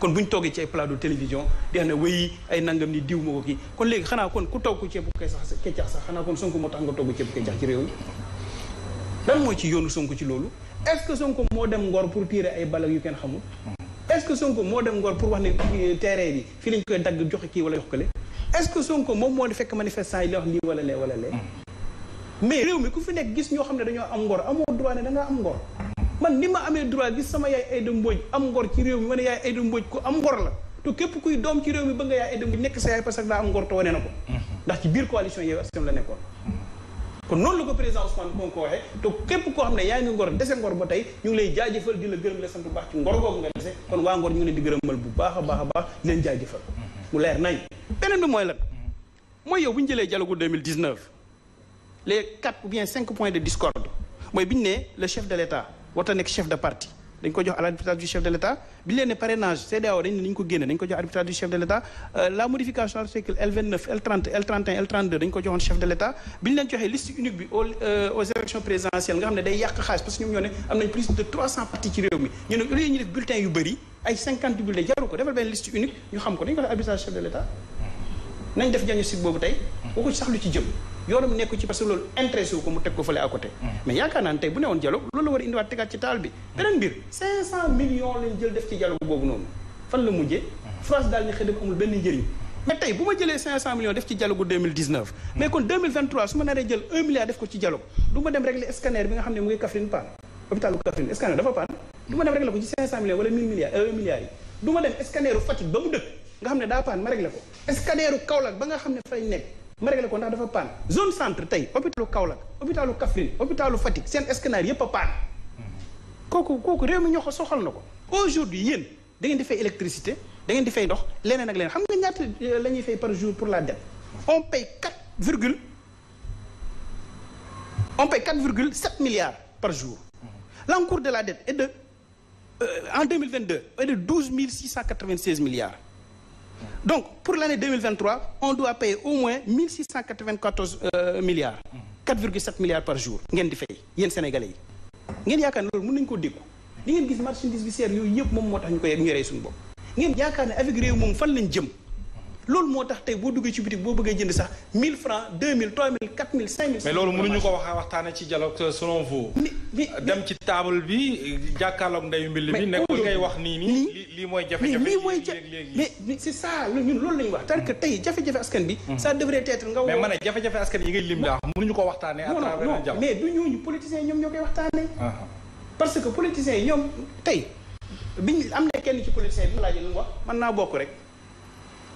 kon bu ñu toogee ci ay plateau télévision di xam ne wéy ay nangam ni diw ma ko kii kon léegi xanaa kon ku togg ceebu sax keccax sax xanaa kon Sonko moo tax nga togg ceebu keccax ci réew mi lan mooy ci yoonu Sonko ci loolu est-ce que Sonko moo dem ngor pour tirer ay bala yu kenn xamul est-ce que Sonko moo dem ngor wax ne terrain bi fii lañ koy dagg joxe kii wala jox kële est-ce que Sonko moom moo di fekk manifestant yi li wax lii wala lee wala lee mais réew mi ku fi nekk gis ñoo xam ne dañoo am ngor amoo droit ne da ngaa am ngor man ni ma amee droit bi sama yaay Aïda Mbodj am ngor ci réew mi ma ne yaay Aïda Mbodj ku am ngor la te képp kuy doom ci réew mi ba nga yaay Aïda Mbodj nekk sa yaay parce que daa am ngor te wane na ko mhm. ndax ci biir coalition Yewwi Askan la nekkoon mhm. kon noonu la ko président Ousmane te képp koo xam ne yaa ngi ngor dese ngor ba tey ñu ngi lay jaajëfal di la gërëm bu baax ci ngor googu nga dese kon waa ngor ñu ngi leen di gërëmal a mhm. leer nañ beneen mooy lan mooy yow bu ñu jëlee dialogue 2019 les quatre ou bien cinq points de discorde mooy bi ñu le chef de l'État warta nekk chef de parti dañ ko jox à du chef de l'État bi leen ne parrainage CEDEAO dañ ni ñu ko génne dañ ko jox arbitrage du chef de l'État euh, la modification article L29 L30 L31 L32 dañ ko joxoon chef de l'État bi ñu leen unique bi aux euh, aux élections présidentielles nga xam ne day yàq xaalis parce que ñoom ñoo ne am nañ plus de 300 partis ci réew mi ñu ne au bulletin yu bëri ay 50 bulletin yoonam nekku ci parce que loolu intéressé wu ko mu teg ko fële à côté mm. mais yaakaar naa ne tey bu ne woon dialogue loolu la war a indiwaat tegaat ci taal bi mm. beneen mbir cinq cent jël def ci dialogue boobu noonu fan la mujjee mm. France daal ni xëy amul benn njëriñ mais tey bu ma jëlee 500 def ci dialogue 2019 mais kon 2023 su ma naree jël def ci dialogue du ma dem régler scanner bi nga xam ne mu ngi Kaffrine paan hôpital bu Kaffrine scanner dafa paan nga réglé ko ndax dafa panne zone centre tey hôpitalu Kaolack hôpitalu Kaffrine hôpitalu fatik seen escanaire yëpp a paan kooku kooku réew mi ñoo ko soxal na ko aujourd'hui yéen da ngeen di fay électricité da ngeen di fay ndox leneen ak leneen xam nga ñaata euh, la ñuy fay par jour pour la dette on paye 4 virgule on paye 4,7 virgule milliards par jour l'encours de la dette est de euh, en 2022 est de 12 696 milliards donc, pour l'année 2023, on doit payer au moins 1694 euh, milliards, 4,7 milliards par jour. Vous fait, Sénégalais. Vous avez fait vous avez le Vous avez marchandises y a vous avez tax lolu motax à bo ci boutique jënd sax 1000 francs 2000 3000 4000 5000. mais vous mënuñu ko wax ci euh, selon vous. dem ci table bi bi. wax mais c'est ça ñun lolu lañ wax. que askan mhm. ça devrait être nga mais mané jafé jafé askan yi ngay lim ah, ko à travers non mais du politiciens uh-huh. parce que politiciens ñom tay biñ am kenn ci politiciens bi wax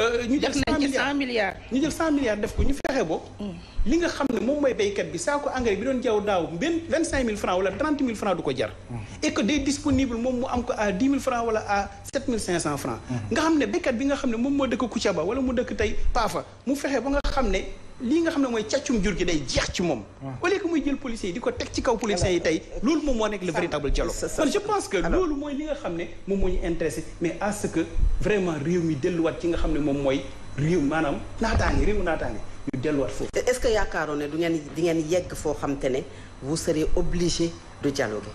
Euh, ñu jël cent milliards milliards. ñu jël cent milliards def ko ñu fexe bo mm. li nga xam ne moom mooy béykat bi saako engrais bi doon jaw daaw benn vingt cinq mille francs wala trente mille francs du ko jar. Mm. et que disponible moom mu am ko à dix francs wala à sept mille cinq cent francs. Mm. nga xam ne béykat bi nga xam ne moom moo dëkk Koutiaba wala mu dëkk tey Paafa mu fexe ba nga xam ne. li nga xam ne mooy càccum jur gi day jeex ci moom. Ah. au lieu que muy jël policier yi di ko teg ci kaw policiers yi tey loolu moom moo nekk le véritable dialogue. man je pense que loolu mooy li nga xam ne moom moo ñu intéressé mais à ce que vraiment réew mi delluwaat ci nga xam ne moom mooy réew maanaam naataange réew naataange ñu delluwaat foofu. est-ce que yaakaaroon ne du ngeen di ngeen yegg foo xam te ne vous serez obligé de dialoguer.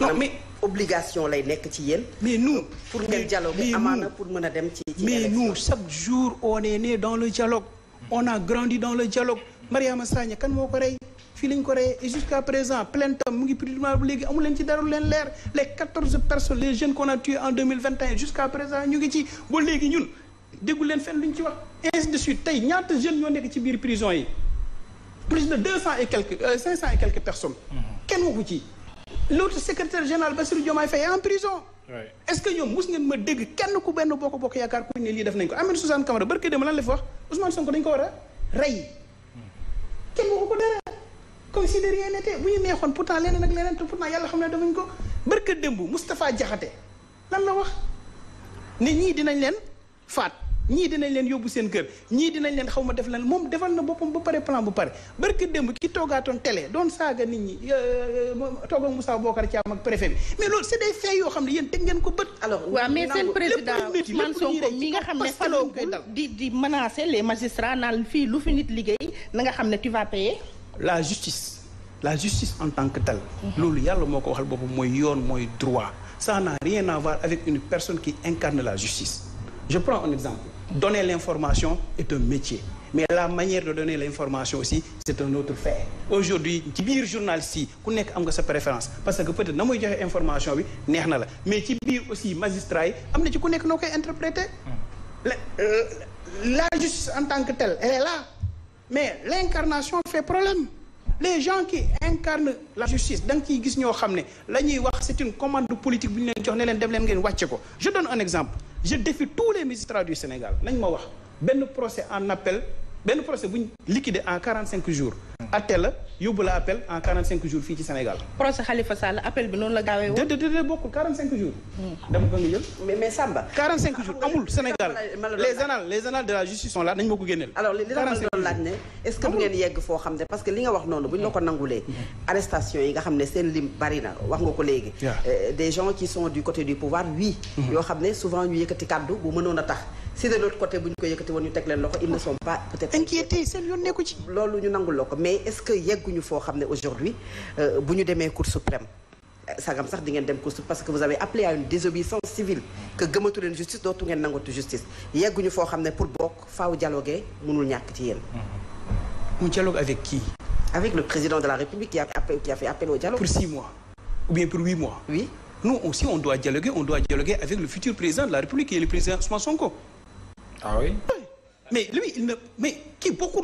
non mais obligation lay nekk ci yéen. mais nous pour ngeen dialogue amaana pour mën a dem ci. ci mais nous chaque jour on est né dans le dialogue on a grandi dans le dialogue Maria Sagna kan moo ko rey fii lañ et jusqu'à présent plein de mu ont été bu léegi amu les 14 personnes les jeunes qu'on a tués en 2021 jusqu'à présent ñu ngi ci ba léegi ñun déggu leen ci wax ainsi de suite tey ñaata jeunes ont nekk ci biir prison yi plus de 200 et quelques 500 euh, et quelques personnes mm-hmm. avez dit ci loolu secrétaire général Bassirou Diomaye Faye est en prison. est-ce que mus ngeen ma dégg kenn ku benn bokk bokk yaakaar ku ne lii def nañ ko Ahmed Suzanne Camara barke dem lan la fi wax Ousmane Sonko dañ ko war rey. kenn waxu ko dara comme si de rien bu ñu neexoon pourtant leneen ak leneen te pourtant yàlla xam ne defuñ ko barke démb Moustapha jaxate lan la wax nit ñii dinañ leen faat. ñii dinañ leen yóbbu seen kër ñii dinañ leen xaw ma def lan moom defal na boppam ba pare plan bu pare barke démb ki toogaatoon télé doon saaga nit ñi euh, toog ak Moussa ci am ak préfet bi mais loolu c'est des faits yoo xam ne yéen teg ngeen ko bët alors waaw mais seen président Ousmane Sonko mi nga xam ne di di menacer les magistrats naan fii lu fi nit liggéey na nga xam ne tu vas payer la justice la justice en tant que telle loolu yàlla moo ko waxal boppam mooy yoon mooy droit ça n'a rien à voir avec une personne qui incarne la justice je prends un exemple Donner l'information est un métier. Mais la manière de donner l'information aussi, c'est un autre fait. Aujourd'hui, ci Journal, journaliste yi ku am nga sa préférence parce que peut-être nous avons joxe information bi na mais ci biir aussi magistrat yi am na ci ku interpréter. Euh, la justice en tant que telle elle est là mais l'incarnation fait problème les gens qui incarnent la justice donc qui ciy gis c'est une commande politique je donne un exemple. je défie tous les magistrats du Sénégal nañ ma wax benn procès en appel benn procès bu ñu en quarante cinq jours atte la yóbbu la appel en 45 jours fi ci Sénégal. procès Khalifa Sall appel bi non la de de de bokkul 45 jours. dem hmm. ko nga jël. mais mais Samba. 45 jours amul Sénégal les annales les annales de la justice sont là dañ ma ko alors li la don doon né est ce que bu ngeen yegg fo xamné parce que li nga wax non, bu ñu la ko arrestation yi nga xamné sen lim bari na wax nga ko légui euh, des gens qui sont du côté du pouvoir oui. Mm-hmm. yo xamné souvent ñu yëkëti kàddu bu mënon na tax si de l'autre côté buñ pouvez ko yëkëti won ñu tek leen loxo ils ne sont pas peut être inquiétés C'est yoon ci lolu ñu nangul mais est ce que yegguñu fois xam aujourd'hui euh, bu ñu cour suprême euh, sagam sax di ngeen dem cour parce que vous avez appelé à une désobéissance civile que gëmatu leen justice dootu ngeen nangotu justice yegguñu foo xam ne pour bok faaw dialogué mënul ñak ci yéen mmh. un dialogue avec qui avec le président de la République qui a, qui a fait appel au dialogue pour six mois ou bien pour huit mois oui nous aussi on doit dialoguer on doit dialoguer avec le futur président de la République et le président Ousmane Sonko ah oui. mais lui il ne mais qui, beaucoup...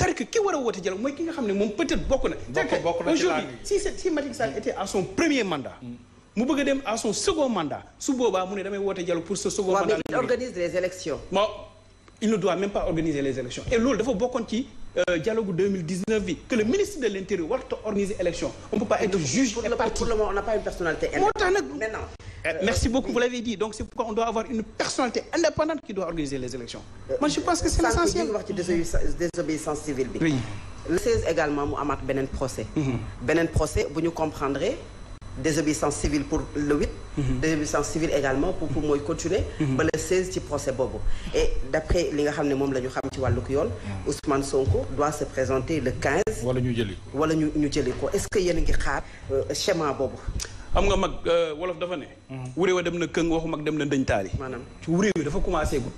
cest qui dire que ki moi, a woote dialogue ki ne peut-être beaucoup... aujourd'hui si si Macky Sall était à son premier mandat. Mm. mu bëgg a à son second mandat su boobaa mu ne damay woote dialogue pour ce second mandat. mais il organise les élections. bon il ne doit même pas organiser les élections et l'autre, loolu dafa que ci. Euh, dialogue 2019 bi que le ministre de l'Intérieur warta organiser élection on peut pas être juge pour le moment on n'a pas une personnalité maintenant eh, merci beaucoup, vous l'avez dit. Donc, c'est pourquoi on doit avoir une personnalité indépendante qui doit organiser les élections. Moi, je pense que c'est l'essentiel. désobéissance civile. Oui. Le 16 également, nous avons un procès. Un mhm. procès Vous désobéissance civile pour le 8. Mhm. désobéissance civile également pour pour continuer. mais mhm. le 16 le procès Bobo. et d'après les gens qui ont dit, Ousmane Sonko doit se présenter le 15. wala ñu est ce qu'il y a un xaar à euh, Bobo xam nga mag euh, wolof dafa ne. Hmm. wuré wa dem na këng waxu mag dem na ndëñ taali. maanaam ci wuré dafa commencé gul.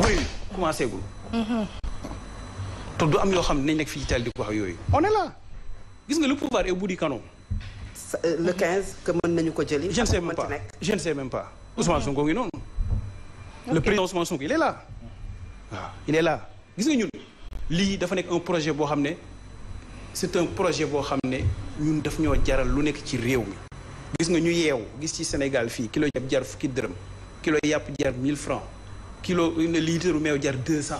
wuré wi commencé gul. Mm-hmm. te du am yoo xam ne nañ nekk fii Italie di ko wax yooyu. on est là gis nga le pouvoir est au canon. Euh, le 15 que mën nañu ko jëli. je ne sais même pas je ne sais même pas Ousmane mm-hmm. Sonko ngi noonu. le président Ousmane Sonko il est là. Mm. waaw il est là gis nga ñun lii dafa nekk un projet boo xam ne c'est un projet qui xamné ñun daf ñoo jaral lu nekk ci réew mi gis nga ñu gis Sénégal fi kilo yapp jar fukki kilo 1000 francs kilo litre jar 200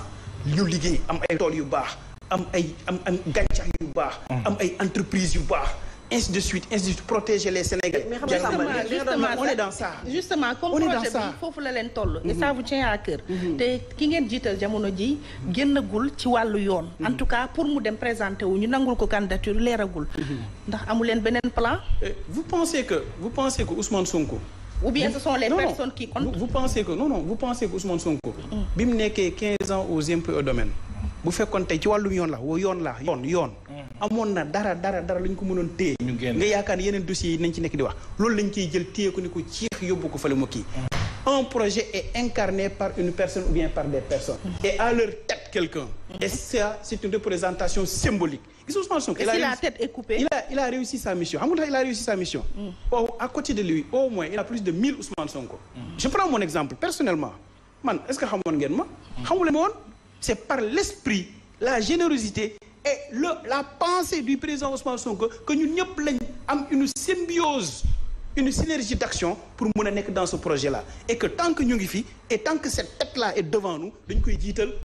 ñu liggéey am ay tool yu baax am ay am am ainsi de suite ainsi de suite protéger les Sénégalais. mais xam justement on est dans ça. justement comme projet Il faut la leen tolle. et mm-hmm. ça vous tient à cœur. Mm-hmm. te ki ngeen dit, jamono ji génnagul ci wàllu yoon. Mm-hmm. en tout cas pour mu dem présenter wu ñu nangul ko candidature leeragul. ndax amu leen plan. Eh, vous pensez que vous pensez que Ousmane Sonko. ou bien ce sont les personnes qui vous pensez que non non vous pensez que Ousmane Sonko. Mm. bi mu nekkee 15 ans aux impôts domaine. Vous bu fekkoon tu ci wàllum là, la woo yoon la yoon yoon amoon na dara dara dara de ko mënoon il nga yaakaar yeneen dossiers yi nañ ci nekk di wax loolu lañ ciy jël téye ni mm. un projet est incarné par une personne ou bien par des personnes mm. et à leur tête quelqu'un mm. et ça c'est une représentation symbolique gis Ousmane Sonko il la tête est coupée il a il a réussi sa mission xam nga il a réussi sa mission oh à côté de lui au moins il a plus de 1000% Ousmane Sonko je prends mon exemple personnellement man est-ce que vous ngeen ma c'est par l'esprit la générosité et le la pensée du président Osman Sonko que nous avons une symbiose une synergie d'action pour nous dans ce projet là et que tant que nous ngi fi et tant que cette tête là est devant nous nous koy dire...